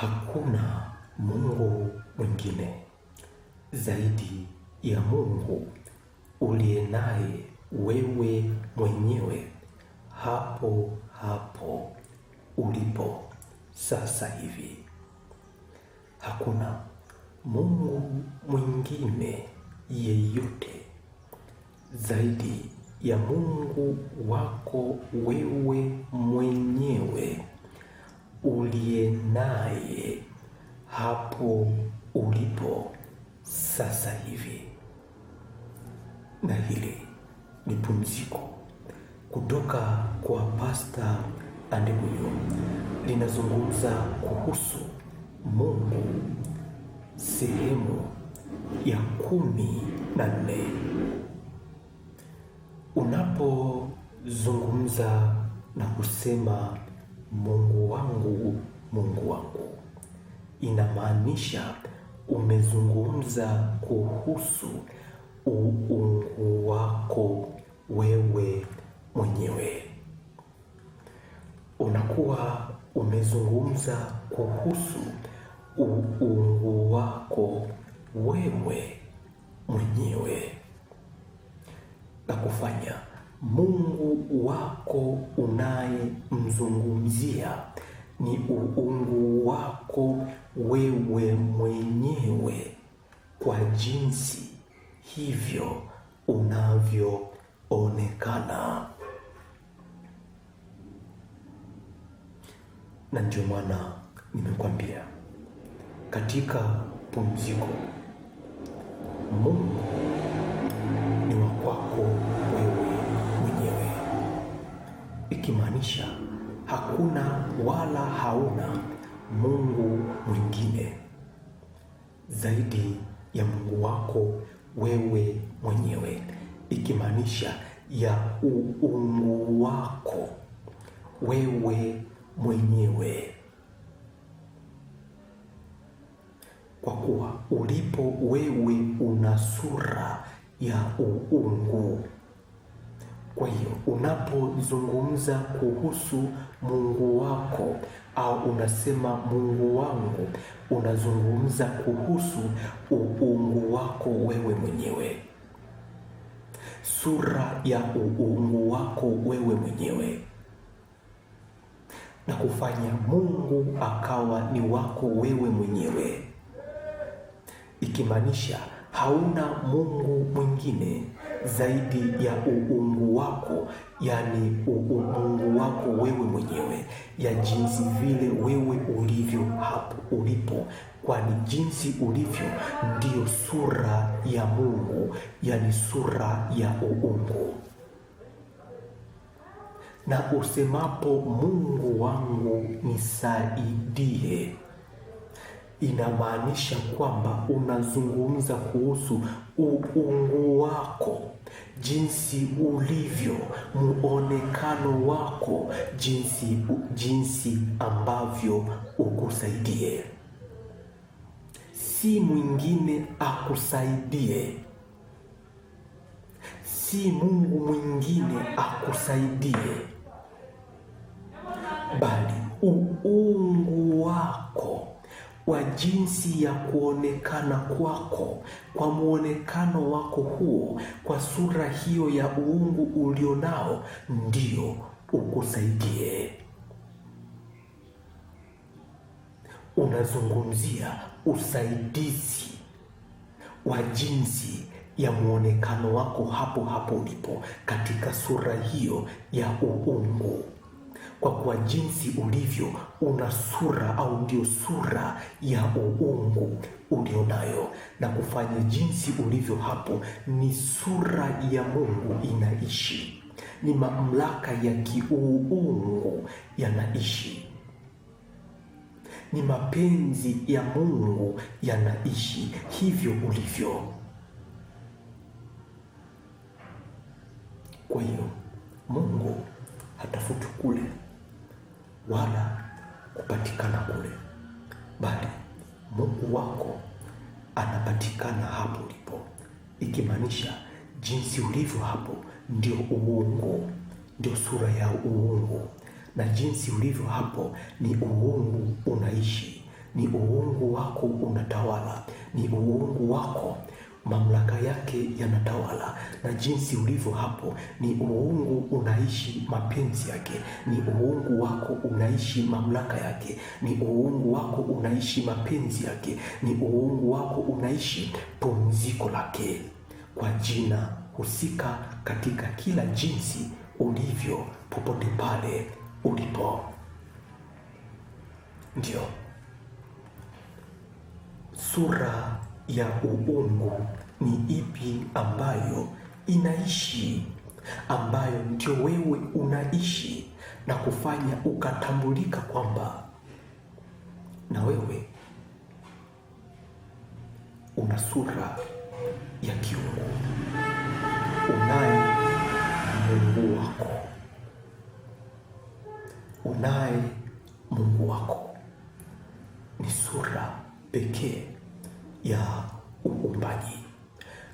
Hakuna Mungu mwingine zaidi ya Mungu uliye naye wewe mwenyewe hapo hapo ulipo sasa hivi. Hakuna Mungu mwingine yeyote zaidi ya Mungu wako wewe mwenyewe uliye naye hapo ulipo sasa hivi. Na hili ni pumziko kutoka kwa Pasta Andebuyo, linazungumza kuhusu Mungu sehemu ya kumi na nne. Unapozungumza na kusema Mungu wangu, Mungu wangu, inamaanisha umezungumza kuhusu uungu wako wewe mwenyewe, unakuwa umezungumza kuhusu uungu wako wewe mwenyewe na kufanya Mungu wako unayemzungumzia ni uungu wako wewe mwenyewe, kwa jinsi hivyo unavyoonekana. Na ndio maana nimekwambia katika pumziko Mungu hakuna wala hauna Mungu mwingine zaidi ya Mungu wako wewe mwenyewe, ikimaanisha ya uungu wako wewe mwenyewe, kwa kuwa ulipo wewe una sura ya uungu. Kwa hiyo unapozungumza kuhusu Mungu wako au unasema Mungu wangu, unazungumza kuhusu uungu wako wewe mwenyewe, sura ya uungu wako wewe mwenyewe na kufanya Mungu akawa ni wako wewe mwenyewe, ikimaanisha hauna Mungu mwingine zaidi ya uungu wako, yani uungu wako wewe mwenyewe, ya jinsi vile wewe ulivyo hapo ulipo, kwani jinsi ulivyo ndiyo sura ya Mungu, yani sura ya uungu. Na usemapo Mungu wangu nisaidie, inamaanisha kwamba unazungumza kuhusu uungu wako jinsi ulivyo, muonekano wako jinsi, jinsi ambavyo ukusaidie, si mwingine akusaidie, si Mungu mwingine akusaidie, bali uungu wako kwa jinsi ya kuonekana kwako, kwa mwonekano wako huo, kwa sura hiyo ya uungu ulionao, ndio ukusaidie. Unazungumzia usaidizi wa jinsi ya mwonekano wako hapo hapo ulipo katika sura hiyo ya uungu kwa kuwa jinsi ulivyo una sura au ndio sura ya uungu ulio nayo, na kufanya jinsi ulivyo hapo ni sura ya Mungu inaishi, ni mamlaka ya kiuungu yanaishi ni mapenzi ya Mungu yanaishi hivyo ulivyo. Kwa hiyo Mungu hatafuti kule wala kupatikana kule, bali Mungu wako anapatikana hapo ulipo, ikimaanisha jinsi ulivyo hapo ndio uungu, ndio sura ya uungu, na jinsi ulivyo hapo ni uungu unaishi, ni uungu wako unatawala, ni uungu wako mamlaka yake yanatawala, na jinsi ulivyo hapo, ni uungu unaishi mapenzi yake, ni uungu wako unaishi mamlaka yake, ni uungu wako unaishi mapenzi yake, ni uungu wako unaishi pumziko lake, kwa jina husika, katika kila jinsi ulivyo, popote pale ulipo. Ndio sura ya uungu ni ipi ambayo inaishi, ambayo ndio wewe unaishi na kufanya ukatambulika kwamba na wewe una sura ya kiungu, unaye Mungu wako, unaye Mungu wako. Ni sura pekee ya uumbaji.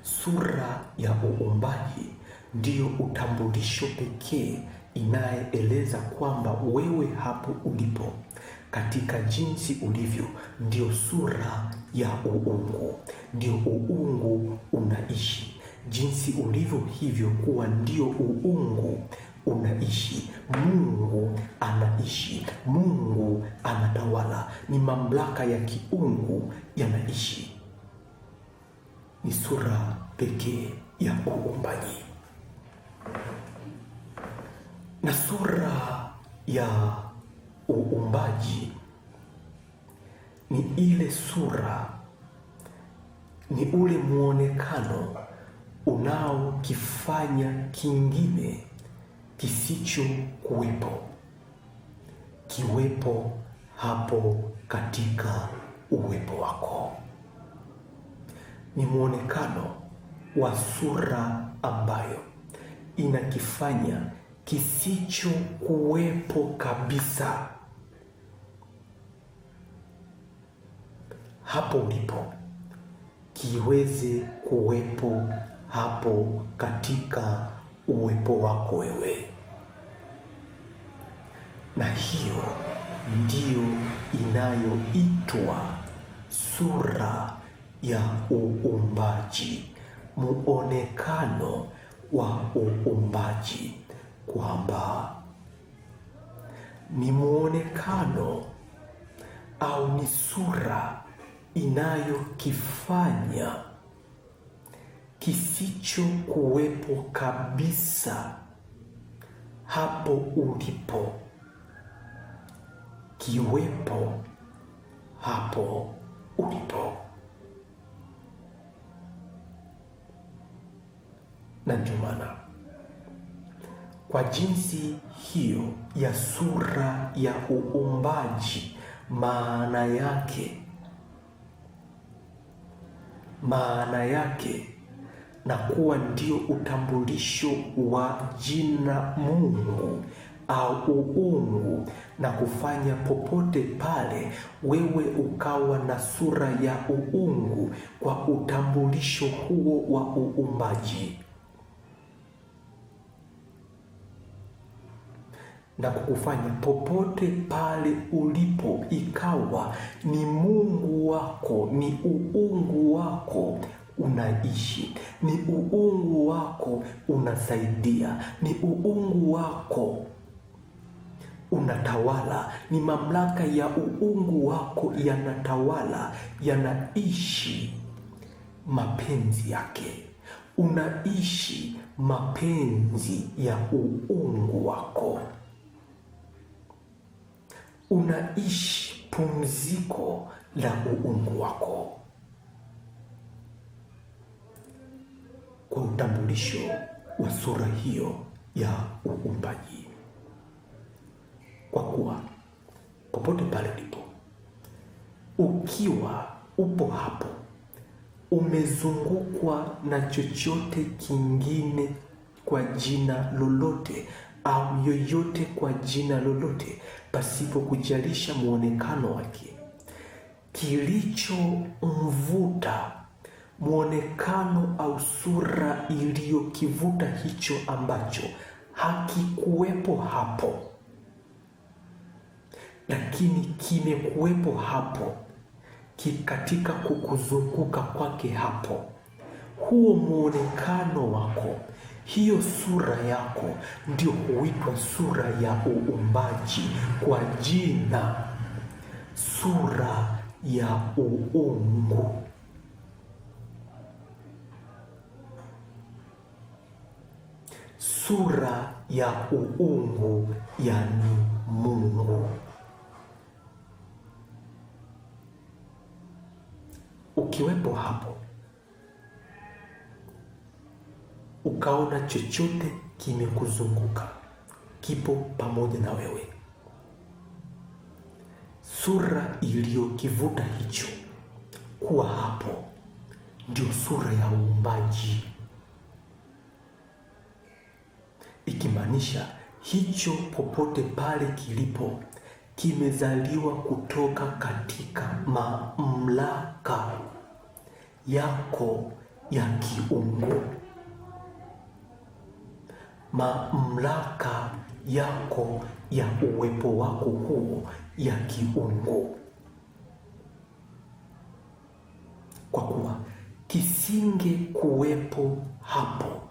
Sura ya uumbaji ndiyo utambulisho pekee inayeeleza kwamba wewe hapo ulipo katika jinsi ulivyo, ndiyo sura ya uungu, ndio uungu unaishi. Jinsi ulivyo hivyo kuwa ndio uungu unaishi. Mungu anaishi, Mungu anatawala, ni mamlaka ya kiungu yanaishi ni sura pekee ya uumbaji na sura ya uumbaji ni ile sura, ni ule muonekano unaokifanya kingine kisicho kuwepo kiwepo hapo katika uwepo wako ni mwonekano wa sura ambayo inakifanya kisichokuwepo kabisa. Hapo ulipo kiweze kuwepo hapo katika uwepo wako wewe, na hiyo ndiyo inayoitwa sura ya uumbaji, muonekano wa uumbaji, kwamba ni muonekano au ni sura inayokifanya kisicho kuwepo kabisa hapo ulipo kiwepo hapo ulipo. na ndio maana kwa jinsi hiyo ya sura ya uumbaji, maana yake maana yake na kuwa ndio utambulisho wa jina Mungu au uungu, na kufanya popote pale wewe ukawa na sura ya uungu kwa utambulisho huo wa uumbaji. na kukufanya popote pale ulipo ikawa ni Mungu wako, ni uungu wako unaishi, ni uungu wako unasaidia, ni uungu wako unatawala, ni mamlaka ya uungu wako yanatawala, yanaishi mapenzi yake, unaishi mapenzi ya uungu wako unaishi pumziko la uungu wako kwa utambulisho wa sura hiyo ya uumbaji, kwa kuwa popote pale ulipo, ukiwa upo hapo, umezungukwa na chochote kingine kwa jina lolote au yoyote kwa jina lolote pasipo kujalisha mwonekano wake. Kilichomvuta mwonekano au sura iliyokivuta hicho ambacho hakikuwepo hapo, lakini kimekuwepo hapo katika kukuzunguka kwake hapo, huo mwonekano wako hiyo sura yako ndio huitwa sura ya uumbaji kwa jina sura ya uungu. Sura ya uungu yani Mungu. Ukiwepo hapo ukaona chochote kimekuzunguka kipo pamoja na wewe, sura iliyokivuta hicho kuwa hapo ndio sura ya uumbaji, ikimaanisha hicho popote pale kilipo kimezaliwa kutoka katika mamlaka yako ya kiungu mamlaka yako ya uwepo wako huo ya kiungu, kwa kuwa kisinge kuwepo hapo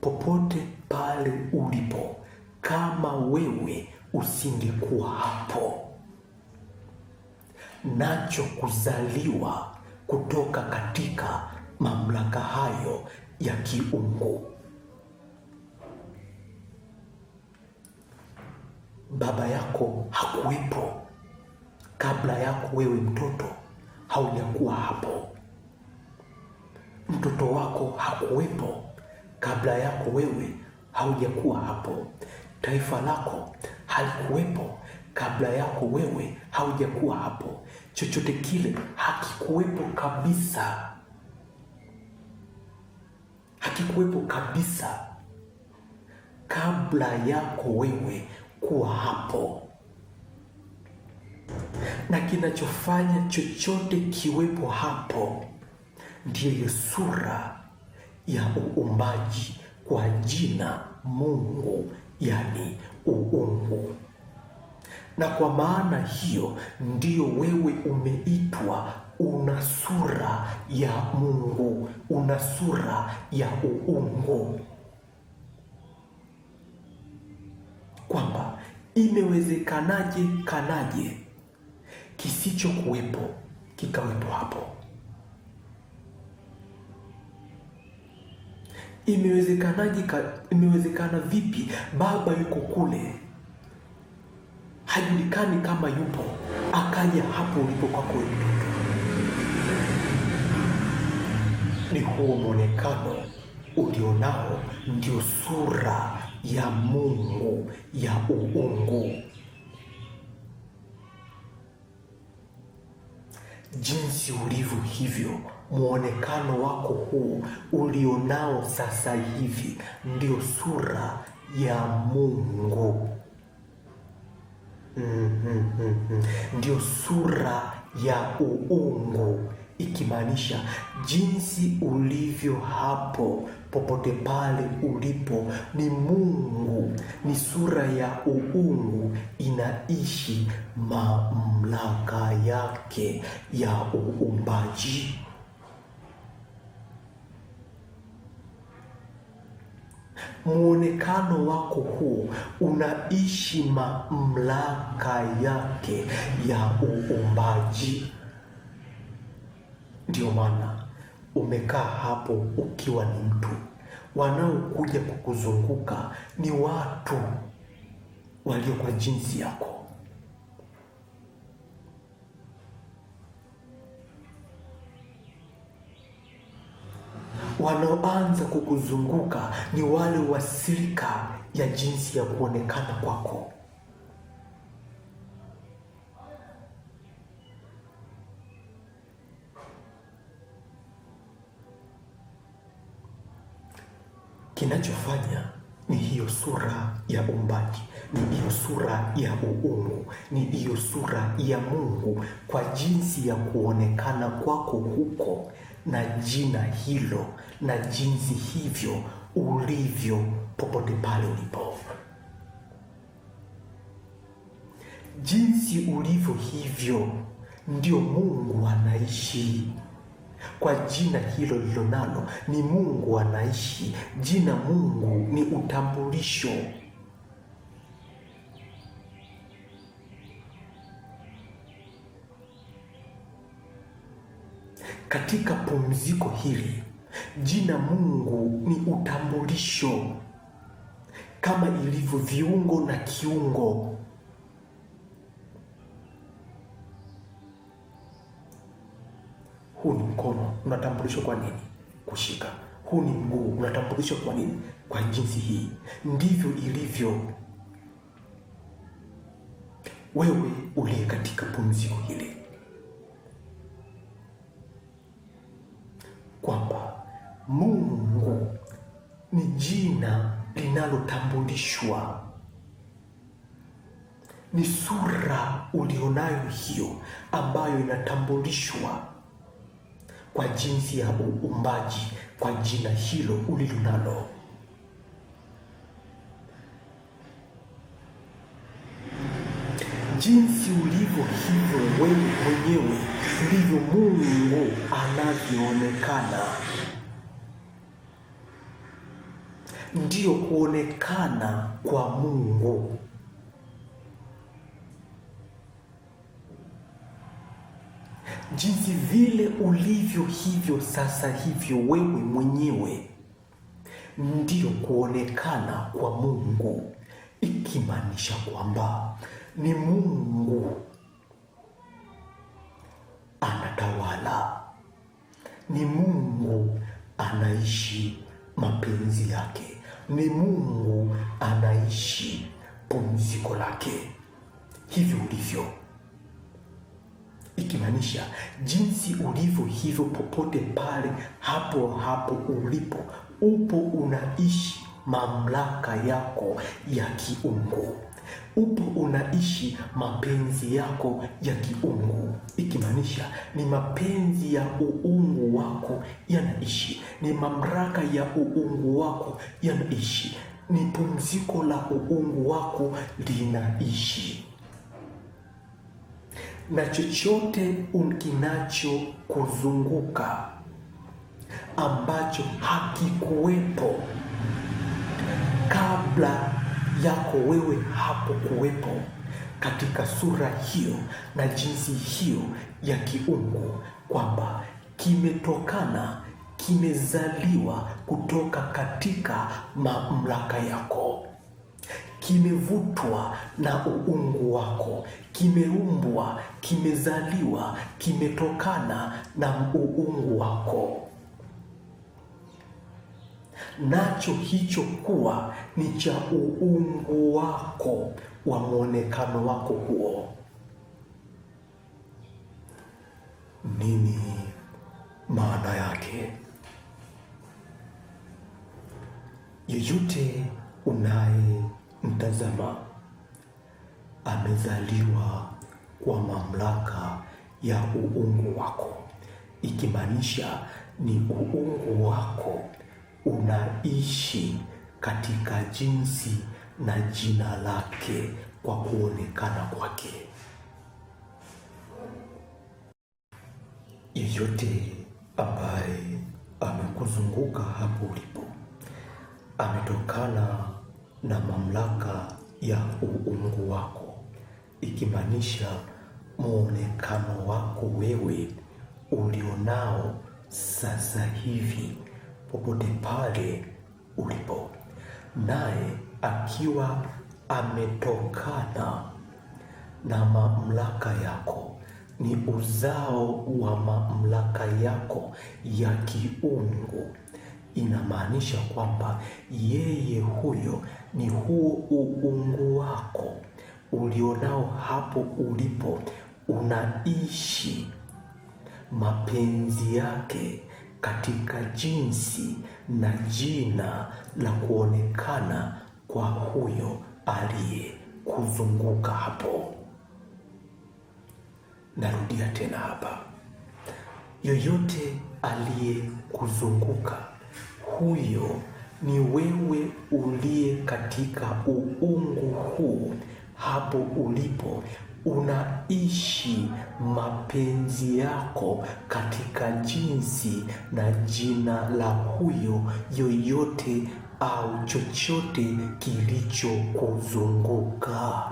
popote pale ulipo kama wewe usingekuwa hapo. Nacho kuzaliwa kutoka katika mamlaka hayo ya kiungu. baba yako hakuwepo kabla yako wewe mtoto haujakuwa hapo. Mtoto wako hakuwepo kabla yako wewe haujakuwa hapo. Taifa lako halikuwepo kabla yako wewe haujakuwa hapo. Chochote kile hakikuwepo kabisa, hakikuwepo kabisa kabla yako wewe kuwa hapo, na kinachofanya chochote kiwepo hapo ndiyo sura ya uumbaji kwa jina Mungu, yani uungu. Na kwa maana hiyo ndiyo wewe umeitwa, una sura ya Mungu, una sura ya uungu kwamba imewezekanaje kanaje kisichokuwepo kikawepo hapo? Imewezekanaje ka, imewezekana vipi baba yuko kule hajulikani kama yupo akaja hapo ulipo kwako mtoto? Ni huo mwonekano ulionao, ndio sura ya Mungu ya uungu. Jinsi ulivyo hivyo, mwonekano wako huu ulionao sasa hivi ndio sura ya Mungu. Mm-hmm. Ndio sura ya uungu, ikimaanisha jinsi ulivyo hapo popote pale ulipo, ni Mungu, ni sura ya uungu inaishi mamlaka yake ya uumbaji. Muonekano wako huu unaishi mamlaka yake ya uumbaji, ndio maana umekaa hapo ukiwa ni mtu, wanaokuja kukuzunguka ni watu walio kwa jinsi yako. Wanaoanza kukuzunguka ni wale wasirika ya jinsi ya kuonekana kwako. Kinachofanya ni hiyo sura ya umbaji, ni hiyo sura ya uungu, ni hiyo sura ya Mungu kwa jinsi ya kuonekana kwako huko na jina hilo na jinsi hivyo ulivyo popote pale ulipo, jinsi ulivyo hivyo ndio Mungu anaishi kwa jina hilo lilonalo ni Mungu anaishi. Jina Mungu ni utambulisho. Katika pumziko hili, jina Mungu ni utambulisho kama ilivyo viungo na kiungo huu ni mkono, unatambulishwa kwa nini? Kushika. Huu ni mguu, unatambulishwa kwa nini? Kwa jinsi hii. Ndivyo ilivyo wewe uliye katika pumziko hili, kwamba Mungu ni jina linalotambulishwa, ni sura ulionayo hiyo ambayo inatambulishwa kwa jinsi ya uumbaji kwa jina hilo ulilonalo. Jinsi ulivyo hivyo wewe mwenyewe ndivyo Mungu anavyoonekana. Ndiyo kuonekana kwa Mungu. jinsi vile ulivyo hivyo sasa hivyo wewe mwenyewe ndio kuonekana kwa Mungu, ikimaanisha kwamba ni Mungu anatawala, ni Mungu anaishi mapenzi yake, ni Mungu anaishi pumziko lake. Hivyo ulivyo ikimaanisha jinsi ulivyo hivyo, popote pale, hapo hapo ulipo, upo unaishi mamlaka yako ya kiungu, upo unaishi mapenzi yako ya kiungu, ikimaanisha ni mapenzi ya uungu wako yanaishi, ni mamlaka ya uungu wako yanaishi, ni pumziko la uungu wako linaishi na chochote kinachokuzunguka ambacho hakikuwepo kabla yako wewe hapo kuwepo katika sura hiyo na jinsi hiyo ya kiungu, kwamba kimetokana, kimezaliwa kutoka katika mamlaka yako kimevutwa na uungu wako, kimeumbwa, kimezaliwa, kimetokana na uungu wako, nacho hicho kuwa ni cha uungu wako wa mwonekano wako huo. Nini maana yake? Yeyote unaye Mtazama, amezaliwa kwa mamlaka ya uungu wako, ikimaanisha ni uungu wako unaishi katika jinsi na jina lake kwa kuonekana kwake. Yeyote ambaye amekuzunguka hapo ulipo ametokana na mamlaka ya uungu wako, ikimaanisha muonekano wako wewe ulionao sasa hivi popote pale ulipo, naye akiwa ametokana na mamlaka yako, ni uzao wa mamlaka yako ya kiungu. Inamaanisha kwamba yeye huyo ni huo uungu wako ulionao hapo ulipo, unaishi mapenzi yake katika jinsi na jina la kuonekana kwa huyo aliyekuzunguka hapo. Narudia tena hapa, yoyote aliyekuzunguka huyo ni wewe uliye katika uungu huu hapo ulipo unaishi mapenzi yako katika jinsi na jina la huyo yoyote au chochote kilichokuzunguka.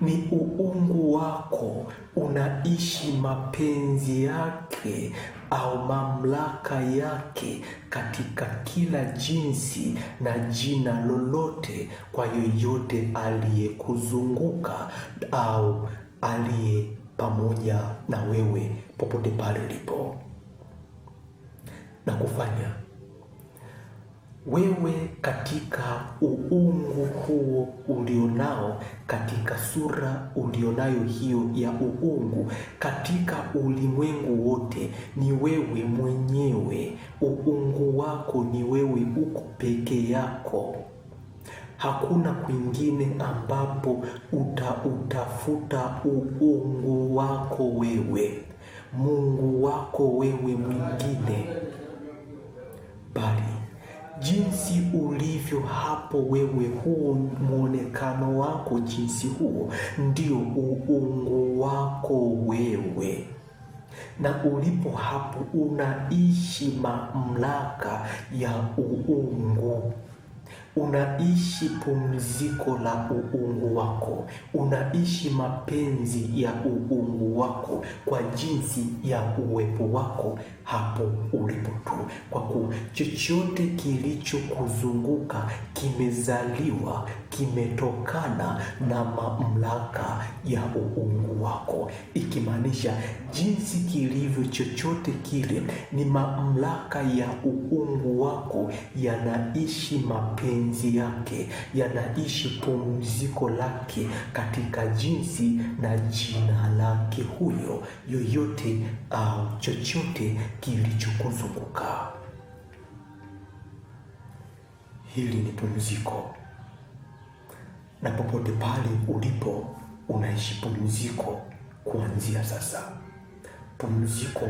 ni uungu wako unaishi mapenzi yake au mamlaka yake katika kila jinsi na jina lolote kwa yoyote aliyekuzunguka au aliye pamoja na wewe popote pale ulipo na kufanya wewe katika uungu huo ulionao, katika sura ulionayo hiyo ya uungu, katika ulimwengu wote ni wewe mwenyewe. Uungu wako ni wewe, uko peke yako, hakuna kwingine ambapo utautafuta uungu wako wewe, Mungu wako wewe mwingine jinsi ulivyo hapo wewe, huo mwonekano wako, jinsi huo ndio uungu wako wewe na ulipo hapo unaishi mamlaka ya uungu unaishi pumziko la uungu wako, unaishi mapenzi ya uungu wako kwa jinsi ya uwepo wako hapo ulipo tu, kwa kuwa chochote kilichokuzunguka kimezaliwa, kimetokana na mamlaka ya uungu wako, ikimaanisha jinsi kilivyo, chochote kile ni mamlaka ya uungu wako, yanaishi mapenzi mapenzi yake yanaishi pumziko lake katika jinsi na jina lake huyo yoyote au chochote kilichokuzunguka. Hili ni pumziko, na popote pale ulipo unaishi pumziko kuanzia sasa, pumziko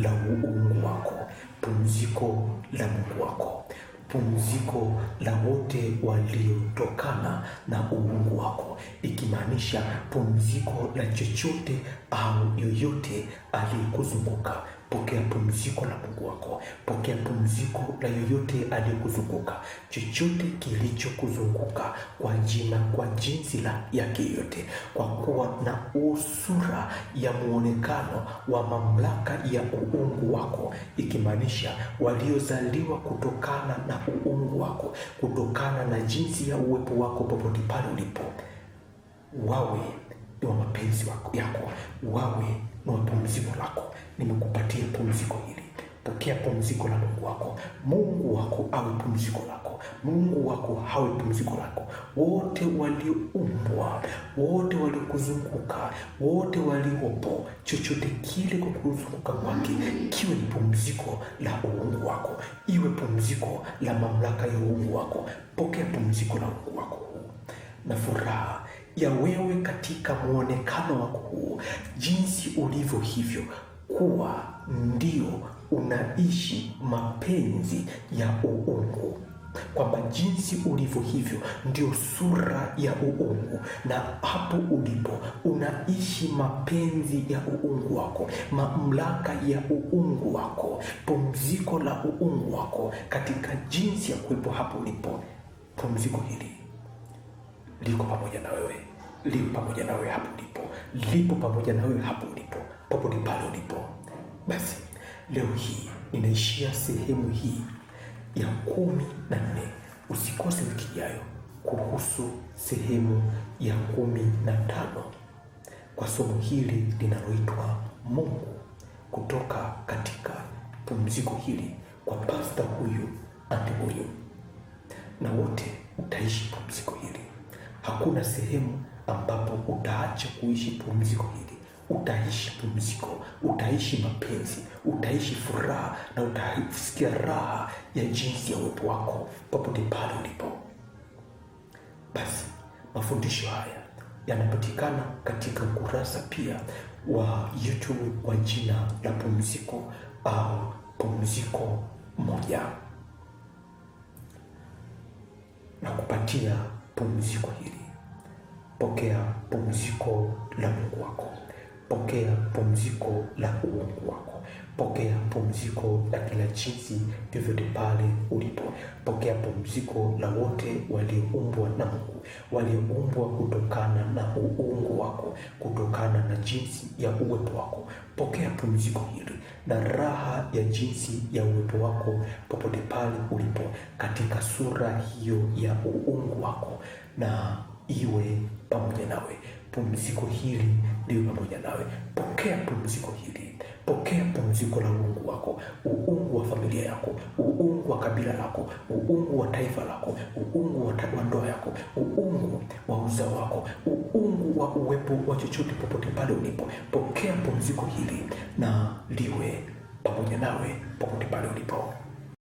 la uungu wako, pumziko la Mungu wako pumziko la wote waliotokana na uungu wako, ikimaanisha pumziko la chochote au yoyote aliyekuzunguka Pokea pumziko la Mungu wako, pokea pumziko la yoyote aliyokuzunguka, chochote kilichokuzunguka kwa jina, kwa jinsi la yake yote, kwa kuwa na usura ya muonekano wa mamlaka ya uungu wako, ikimaanisha waliozaliwa kutokana na uungu wako, kutokana na jinsi ya uwepo wako, popote pale ulipo, wawe ni wa mapenzi yako, wawe nawe pumziko lako, nimekupatia pumziko hili. Pokea pumziko la Mungu wako. Mungu wako awe pumziko lako, Mungu wako hawe pumziko lako. Wote walioumbwa, wote waliokuzunguka, wote waliopo, chochote kile kwa kuzunguka mwake, kiwe ni pumziko la uungu wako, iwe pumziko la mamlaka ya uungu wako. Pokea pumziko la ya wewe katika mwonekano wako huu, jinsi ulivyo hivyo, kuwa ndio unaishi mapenzi ya uungu kwamba jinsi ulivyo hivyo ndio sura ya uungu, na hapo ulipo unaishi mapenzi ya uungu wako, mamlaka ya uungu wako, pumziko la uungu wako katika jinsi ya kuwepo hapo ulipo. Pumziko hili liko pamoja na wewe lipo pamoja na wewe hapo ulipo, lipo pamoja na wewe hapo ulipo, popote pale ulipo. Basi leo hii ninaishia sehemu hii ya kumi na nne. Usikose wiki ijayo kuhusu sehemu ya kumi na tano kwa somo hili linaloitwa Mungu, kutoka katika pumziko hili kwa pasta huyu and huyu, na wote utaishi pumziko hili. Hakuna sehemu ambapo utaacha kuishi pumziko hili, utaishi pumziko, utaishi mapenzi, utaishi furaha na utasikia raha ya jinsi ya uwepo wako popote pale ulipo. Basi mafundisho haya yanapatikana katika ukurasa pia wa YouTube kwa jina la Pumziko au Pumziko Moja, na kupatia pumziko hili Pokea pumziko la Mungu wako, pokea pumziko la uungu wako, pokea pumziko la kila jinsi vyovyote pale ulipo. Pokea pumziko la wote walioumbwa na Mungu, walioumbwa kutokana na uungu wako, kutokana na jinsi ya uwepo wako. Pokea pumziko hili na raha ya jinsi ya uwepo wako popote pale ulipo, katika sura hiyo ya uungu wako na iwe pamoja nawe. Pumziko hili liwe pamoja nawe. Pokea pumziko hili, pokea pumziko la uungu wako, uungu wa familia yako, uungu wa kabila lako, uungu wa taifa lako, uungu wa ndoa yako, uungu wa uzao wako, uungu wa uwepo wa chochote popote pale ulipo. Pokea pumziko hili na liwe pamoja nawe popote pale ulipo.